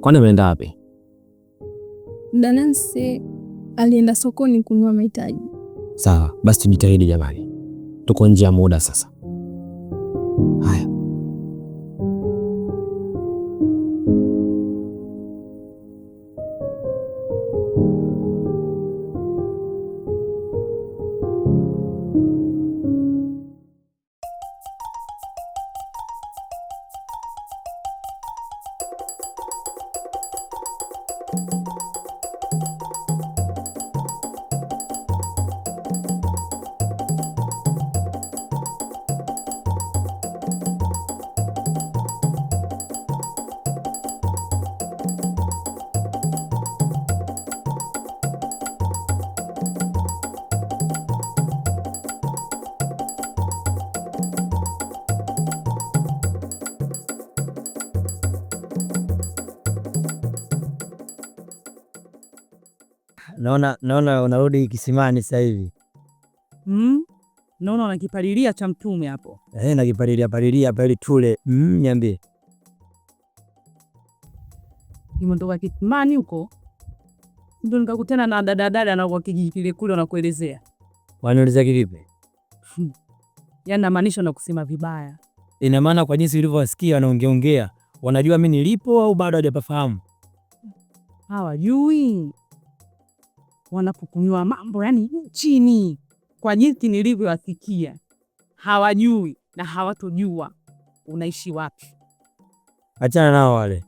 Kwani ameenda wapi? Danansi alienda sokoni kununua mahitaji. Sawa, basi tujitahidi jamani, tuko nje ya muda sasa. Naona, naona unarudi kisimani sasa hivi mm? Naona unakipalilia cha mtume hapo eh, nakipalilia palilia pale tule. Mm, niambie imondoka kisimani huko ndo nikakutana na dadadada na kwa kijiji kile kule, wanakuelezea wanaelezea kivipi? Hmm. Yaani namaanisha na kusema vibaya, ina maana kwa jinsi ulivyowasikia wanaongeongea, wanajua mimi nilipo au bado hajapafahamu? Hawajui wanakukunywa mambo yani chini, kwa jinsi nilivyowasikia hawajui na hawatojua unaishi wapi. Achana nao wale,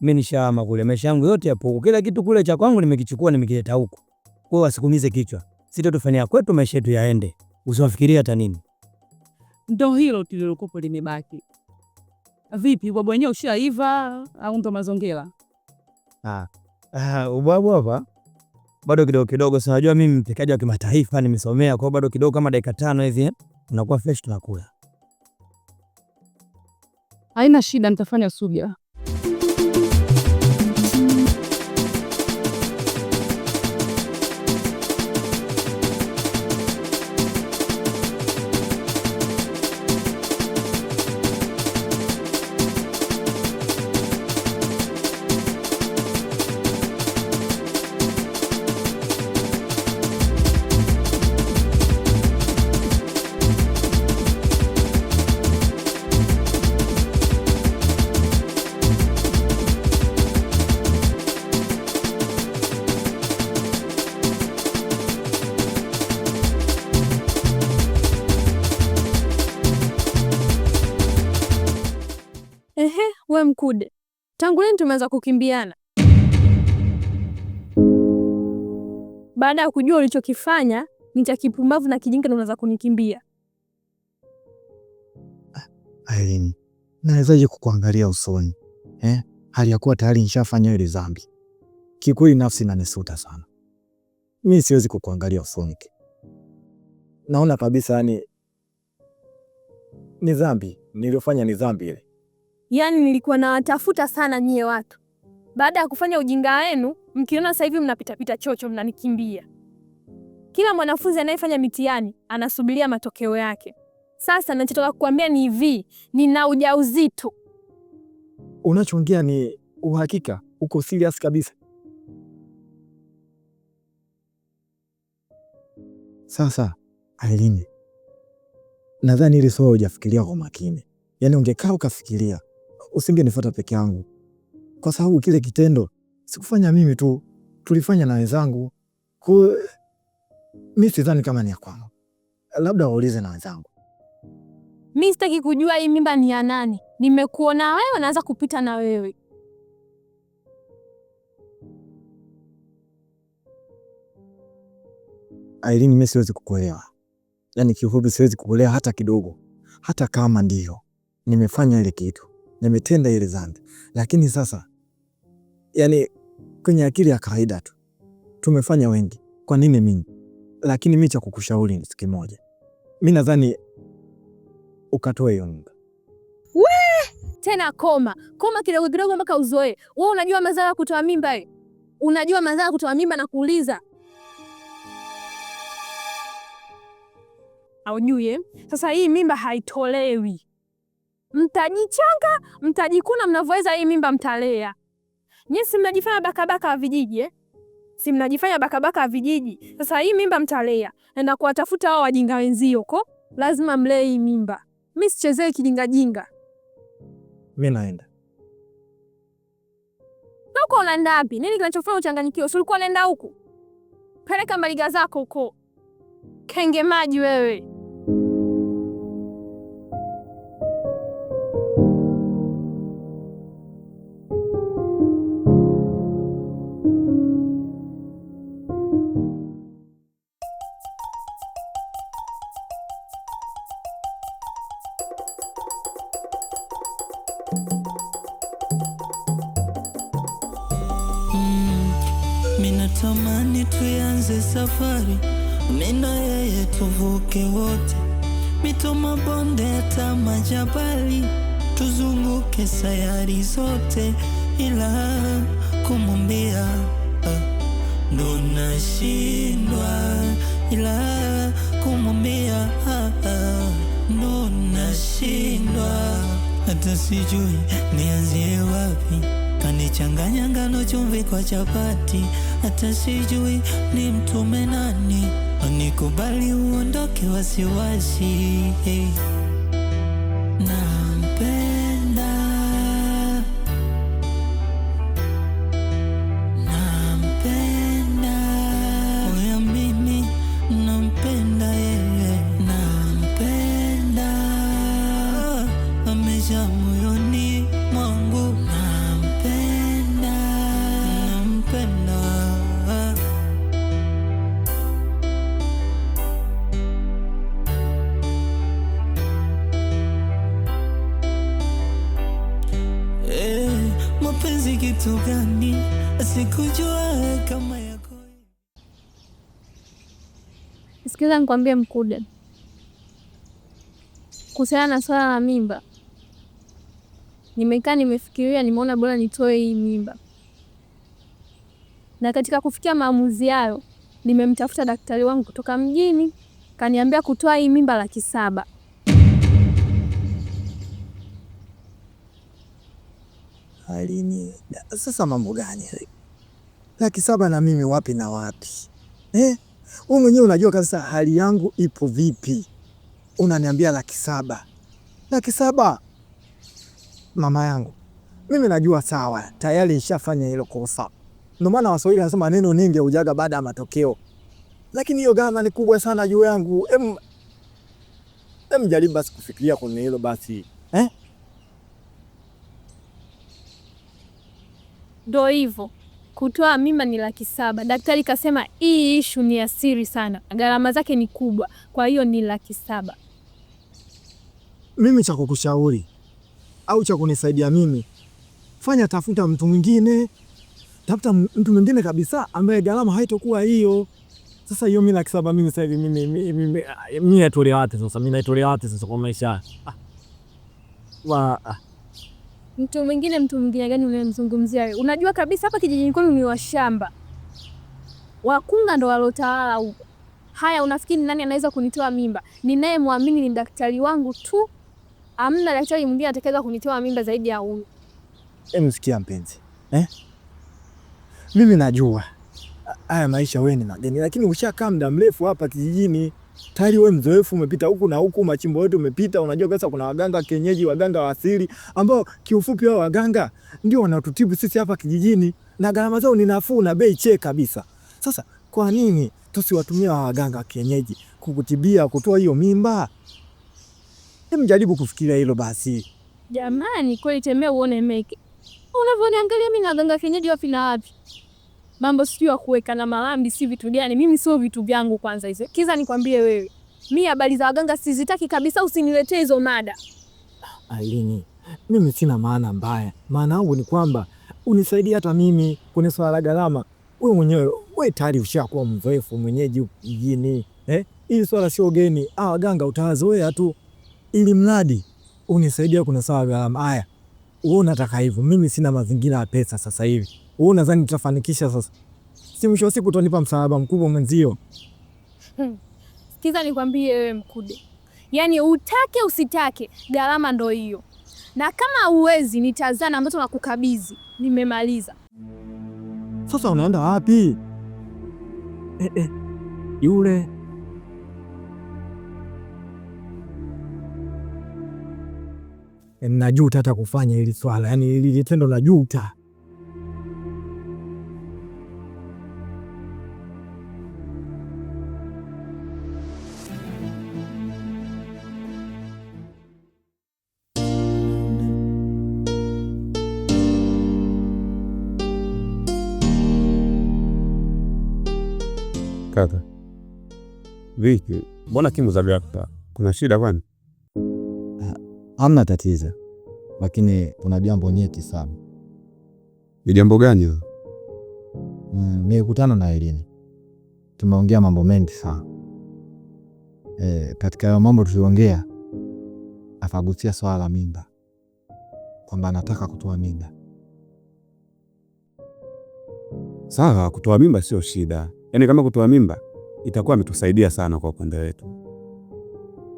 mi nishaama kule, maisha yangu yote yapo huko, kila kitu kule cha kwangu nimekichukua, nimekileta huku kwao, wasikumize kichwa, sitotufanyia kwetu, maisha yetu yaende, usiwafikiria hata nini. Ndo hilo tulilokopo limebaki. Vipi ubwabwa wenyewe ushaiva au ndo mazongela? Ah, ah ubwabwa hapa bado kidogo kidogo, si unajua mimi mpikaji wa kimataifa nimesomea, kwa bado kidogo kama dakika tano hivi unakuwa eh, fresh, tunakula. Haina shida, nitafanya subira. We Mkude, tangu lini tumeanza kukimbiana? Baada ya kujua ulichokifanya ni cha kipumbavu na kijinga, ndo unaweza kunikimbia? Aileen, ah, nawezaje kukuangalia usoni eh? hali ya kuwa tayari nishafanya ile dhambi. Kikweli nafsi inanisuta sana, mi siwezi kukuangalia usoni, naona kabisa yani ni dhambi niliyofanya, ni dhambi ile Yaani nilikuwa nawatafuta sana nyie watu. Baada ya kufanya ujinga wenu, mkiona sasa hivi mnapitapita chocho, mnanikimbia. Kila mwanafunzi anayefanya mitihani anasubiria matokeo yake. Sasa nachotaka kukuambia ni hivi, nina ujauzito. Unachoongea ni uhakika? Uko serious kabisa? Sasa Aileen, nadhani hili swala hujafikiria kwa makini, yaani ungekaa ukafikiria usingenifuata peke yangu, kwa sababu kile kitendo sikufanya mimi tu, tulifanya na wenzangu. Kwa mimi sidhani kama ni ya kwangu, labda waulize na wenzangu. Mimi sitaki kujua hii mimba ni ya nani. Nimekuona wewe, naanza kupita na wewe. Aileen, mimi siwezi kukuelewa, yaani kiufupi, siwezi kukuelewa hata kidogo, hata kama ndiyo nimefanya ile kitu nimetenda ile dhambi. Lakini sasa yani kwenye akili ya kawaida tu tumefanya wengi, kwa nini mimi? Lakini mimi cha kukushauri ni moja, mimi nadhani ukatoe hiyo mimba tena koma koma kidogo kidogo mpaka uzoee. Wewe unajua madhara ya kutoa mimba eh? Unajua madhara ya kutoa mimba na kuuliza aujue Sasa hii mimba haitolewi mtajichanga, mtajikuna, mnavyoweza hii mimba mtalea. Nyie si mnajifanya bakabaka wa vijiji eh? Si mnajifanya bakabaka wa vijiji. Sasa hii mimba mtalea, naenda kuwatafuta hao wajinga wenzio huko, lazima mlee hii mimba. Mi sichezee kijinga jinga, Mi naenda huko. Unaenda wapi? Nini kinachofanya uchanganyikiwe? Si ulikuwa unaenda huku? Peleka mbaliga zako huko, kenge maji wewe. tuvuke wote mito, mabonde, hata majabali, tuzunguke sayari zote, ila kumwambia ah, ndo nashindwa, ila kumwambia ah, ah, ndo nashindwa, hata sijui nianzie wapi Kanichanganya ngano, chumvi kwa chapati, hata sijui ni mtume nani. Unikubali uondoke wasiwasi, hey. Eh. Sikiliza nikwambie, Mkude, kuhusiana na swala la mimba, nimekaa nimefikiria, nimeona bora nitoe hii mimba, na katika kufikia maamuzi hayo nimemtafuta daktari wangu kutoka mjini, kaniambia kutoa hii mimba laki saba. Alini, sasa mambo gani? Laki saba na mimi wapi na wapi eh? Wewe mwenyewe unajua kabisa hali yangu ipo vipi, unaniambia laki saba, laki saba mama yangu, mimi najua sawa, tayari nishafanya hilo kosa. Ndio maana Waswahili wanasema neno ninge ujaga baada ya matokeo, lakini hiyo gharama ni kubwa sana juu yangu. Em, em jaribu basi kufikiria kwenye hilo basi eh? Ndo hivyo kutoa mimba ni laki saba. Daktari kasema hii ishu ni ya siri sana, gharama zake ni kubwa, kwa hiyo ni laki saba. Mimi cha kukushauri au cha kunisaidia mimi, fanya tafuta mtu mwingine, tafuta mtu mwingine kabisa ambaye gharama haitokuwa hiyo. Sasa hiyo mi laki saba mimi sasa hivi mimi mimi naitolea wapi sasa? Mimi naitolea wapi sasa kwa maisha ah, ah. Mtu mwingine, mtu mwingine gani unayemzungumzia wewe? Unajua kabisa hapa kijijini kwenu ni washamba, wakunga ndo walotawala huko. Haya, unafikiri nani anaweza kunitoa mimba? Ninayemwamini ni daktari wangu tu, amna daktari mwingine atakayeweza kunitoa mimba zaidi ya huyu. Hebu sikia mpenzi eh? Mimi najua haya maisha wewe ni madeni, lakini ushakaa muda mrefu hapa kijijini tayari wewe mzoefu, umepita huku na huku, machimbo yote umepita. Unajua kabisa kuna waganga kienyeji, waganga wa asili, ambao kiufupi wao waganga ndio wanatutibu sisi hapa kijijini, na gharama zao ni nafuu na bei che kabisa. Sasa kwa nini tusiwatumia wa waganga kienyeji kukutibia, kutoa hiyo mimba? Jaribu kufikiria hilo basi. Jamani, kweli tembea uone meke. Unavyoniangalia mimi na waganga kienyeji wapi na wapi? mambo sijui ya kuweka na marambi si vitu gani, mimi sio vitu vyangu. Kwanza hizo kiza, nikwambie wewe, mi habari za waganga sizitaki kabisa, usiniletee hizo mada. Ailini, mimi sina maana mbaya, maana yangu ni kwamba unisaidie hata mimi kwenye swala la gharama. Wewe mwenyewe wewe tayari ushakuwa mzoefu mwenyeji mjini. eh? Hii swala sio geni, ah, waganga utawazoea tu, ili mradi unisaidia kuna swala la gharama. Haya, wewe unataka hivyo, mimi sina mazingira ya pesa sasa hivi. Wewe unadhani tutafanikisha sasa? Si mwisho wa siku utanipa msaada mkubwa mwenzio. Hmm. Sikiza nikwambie wewe Mkude. Yaani utake usitake, gharama ndo hiyo. Na kama uwezi nitazana ambacho nakukabidhi. Nimemaliza. Sasa unaenda wapi? Eh, eh. Yule najuta hata kufanya hili swala, yaani hili tendo najuta. kaka. Vipi? Mbona kimu za vyako? Kuna shida kwani? Hamna tatizo. Lakini kuna jambo nyeti sana. Ni jambo gani hilo? Mm, nimekutana mm, na Elina. Tumeongea mambo mengi sana. E, katika hayo mambo tuliongea akagusia swala la mimba kwamba anataka kutoa mimba. Sawa, kutoa mimba sio shida, yaani kama kutoa mimba itakuwa ametusaidia sana kwa upande wetu.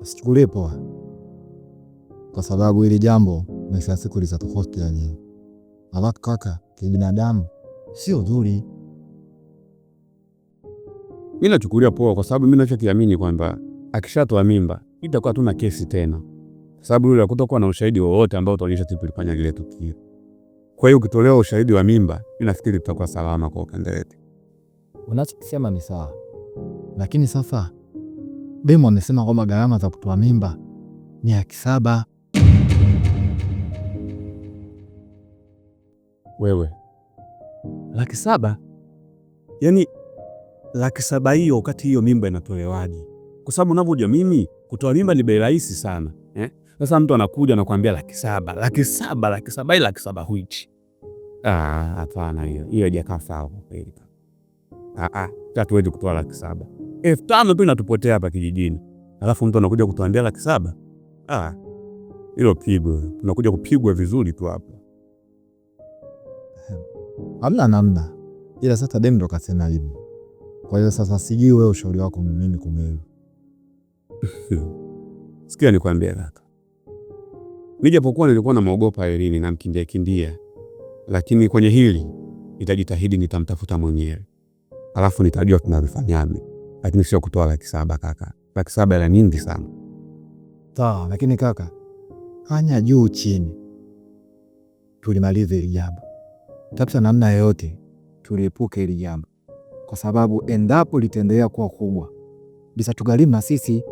Asichukulie poa, kwa sababu hili jambo maisha ya siku litatofautiana yani. kaka, kibinadamu sio zuri. Mimi nachukulia poa kwa sababu mimi nachokiamini kwamba akishatoa mimba itakuwa tuna kesi tena, sababu yule hakutokuwa na ushahidi wowote ambao utaonyesha ilifanya lile tukio. Kwa hiyo ukitolewa ushahidi wa mimba, mimi nafikiri tutakuwa salama kwa upande wetu unachosema ni sawa, lakini sasa Bemo amesema kwamba gharama za kutoa mimba ni laki saba. Wewe laki saba? Yaani laki saba hiyo, wakati hiyo mimba inatolewaje? Kwa sababu unavyojua mimi kutoa mimba ni bei rahisi sana eh? Sasa mtu anakuja anakuambia laki saba, laki saba, laki saba, hii laki saba huichi. Ah, hapana, hiyo hiyo hajakaa sawa kweli. Ah, ah, hatuwezi kutoa laki saba, elfu tano tu inatupotea hapa kijijini, alafu mtu anakuja kutuandia laki saba. Ah, hilo pigo tunakuja kupigwa vizuri tu hapa, hamna namna. Ila sasa demu ndo kasema hivi. Kwa hiyo sasa sijui wewe ushauri wako ni nini kumelu. Sikia nikwambie kaka, mi japokuwa nilikuwa namwogopa Elini namkindia kindia, lakini kwenye hili nitajitahidi, nitamtafuta mwenyewe alafu nitajua tunavifanyaje, lakini sio kutoa laki saba kaka. Laki saba ela nyingi sana. Sawa, lakini kaka, fanya juu chini, tulimalize hili jambo kabisa, namna yoyote tuliepuke hili jambo, kwa sababu endapo litaendelea kuwa kubwa, bisa tugharimu na sisi.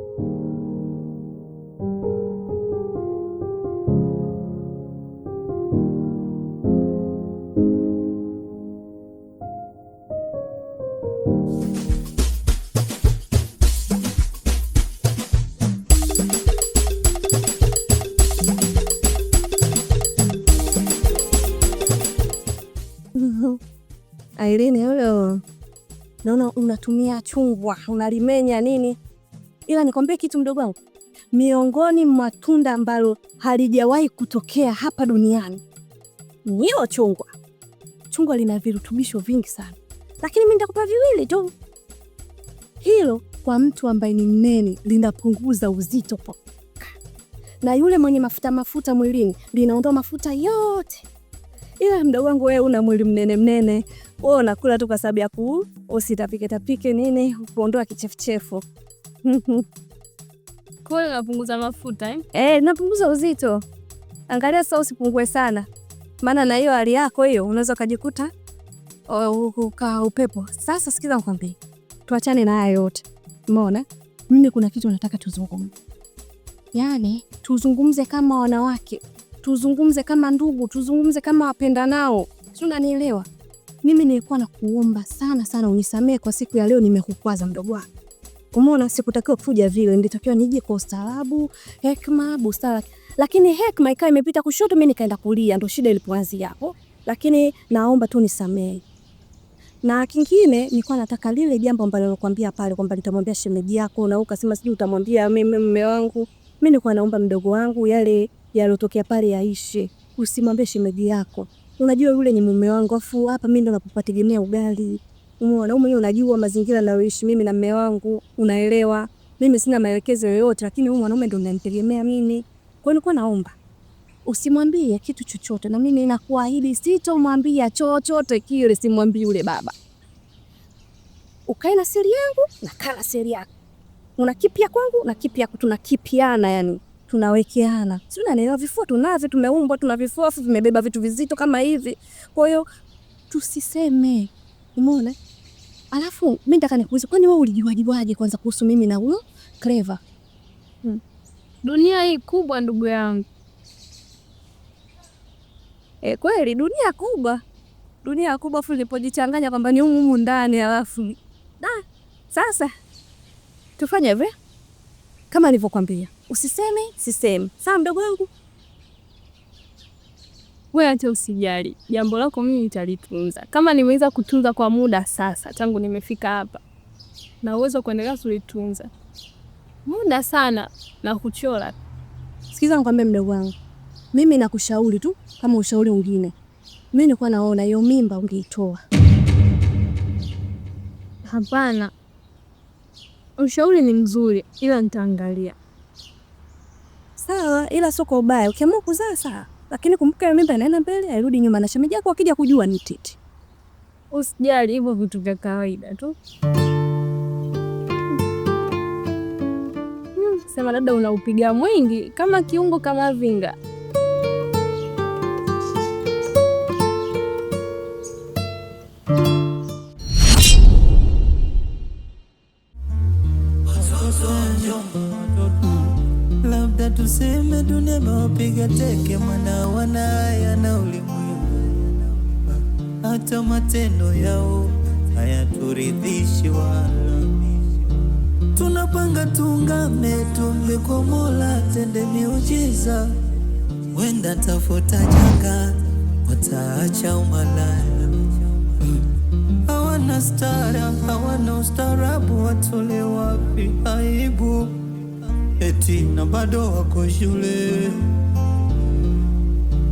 Irene huyo naona unatumia chungwa unalimenya nini, ila nikwambie kitu mdogo wangu, miongoni mwa tunda ambalo halijawahi kutokea hapa duniani niyo chungwa. Chungwa lina virutubisho vingi sana, lakini mi nitakupa viwili tu. Hilo kwa mtu ambaye ni mnene linapunguza uzito po, na yule mwenye mafuta mafuta mwilini linaondoa mafuta yote, ila mdogo wangu, wewe una mwili mnene mnene wewe unakula tu kwa sababu ya ku usitapike tapike nini, kuondoa kichefuchefu kwa hiyo napunguza mafuta eh? Eh, napunguza uzito. Angalia sasa usipungue sana, maana na hiyo hali yako hiyo unaweza ukajikuta uka upepo. Sasa sikiza nikwambie, tuachane na haya yote umeona. Mimi kuna kitu nataka tuzungumze, yaani tuzungumze kama wanawake, tuzungumze kama ndugu, tuzungumze kama wapendanao, si unanielewa? mimi nilikuwa nakuomba sana sana unisamehe kwa siku ya leo, nimekukwaza mdogo wangu. Umeona, sikutakiwa kuja vile, nilitakiwa nije kwa ustaarabu, hekima, busara, lakini hekima ikawa imepita kushoto, mimi nikaenda kulia, ndo shida ilipoanzia hapo. Lakini naomba tu nisamehe. Na kingine nilikuwa nataka lile jambo ambalo nilikwambia pale kwamba nitamwambia shemeji yako, na ukasema sijui utamwambia mimi mume wangu. Mimi nilikuwa naomba mdogo wangu, yale yalotokea pale yaishe, usimwambie shemeji yako unajua yule ni mume wangu, afu hapa mimi ndo napopategemea ugali. Umeona wewe mwenyewe, unajua mazingira nayoishi mimi na mume wangu, unaelewa. Mimi sina maelekezo yoyote, lakini huyu mwanaume ndo unanitegemea mimi. Kwa hiyo nilikuwa naomba usimwambie kitu chochote, na mimi nakuahidi sitomwambia chochote kile, simwambie yule baba. Ukae na siri yangu na kaa na siri yako, una kipya kwangu na kipya tunakipiana yani tunawekeana, si unanielewa? Vifua tunavyo, tumeumbwa tuna vifua, afu vimebeba vitu vizito kama hivi. Kwa hiyo tusiseme, umeona? Alafu mi nataka nikuulize, kwani wewe ulijiwajiwaje kwanza kuhusu mimi na huyo Clever? Hmm. Dunia hii kubwa ndugu yangu. E, kweli dunia kubwa, dunia kubwa, afu nilipojichanganya kwamba ni humu ndani, alafu sasa tufanye vile kama nilivyokwambia, usiseme siseme. Sawa mdogo wangu, we acha usijali, jambo lako mimi nitalitunza kama nimeweza kutunza kwa muda sasa, tangu nimefika hapa na uwezo kuendelea kulitunza muda sana na kuchora. Sikiza nikwambie, mdogo wangu, mimi nakushauri tu kama ushauri mwingine. Mimi nilikuwa naona hiyo mimba ungeitoa. Hapana. Ushauri ni mzuri, ila nitaangalia. Sawa, ila sio kwa ubaya. Ukiamua kuzaa sawa, lakini kumbuka mimba inaenda mbele, hairudi nyuma, na shemeji yako akija kujua ni titi. Usijali, hivyo vitu vya kawaida tu. Hmm, sema labda unaupiga mwingi kama kiungo, kama vinga. Dunia dunia mawapiga teke mwana wanaya na ulimwengu, hata matendo yao hayaturidhishi wala. Tunapanga tungame, tumbe kwa Mola tende miujiza, wenda tafuta janga, wataacha umalaya. Hawana stara, hawana ustarabu, watole wapi aibu eti na bado wako shule,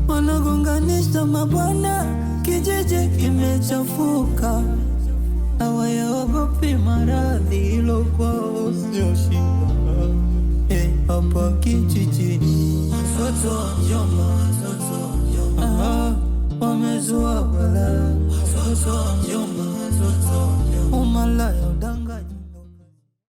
wanagonganisha mabwana, kijiji kimechafuka, hawayaogopi maradhi, hilo kwao sio Hey, hapa kijijini watoto wa mjomba, wamezua balaa, umalaya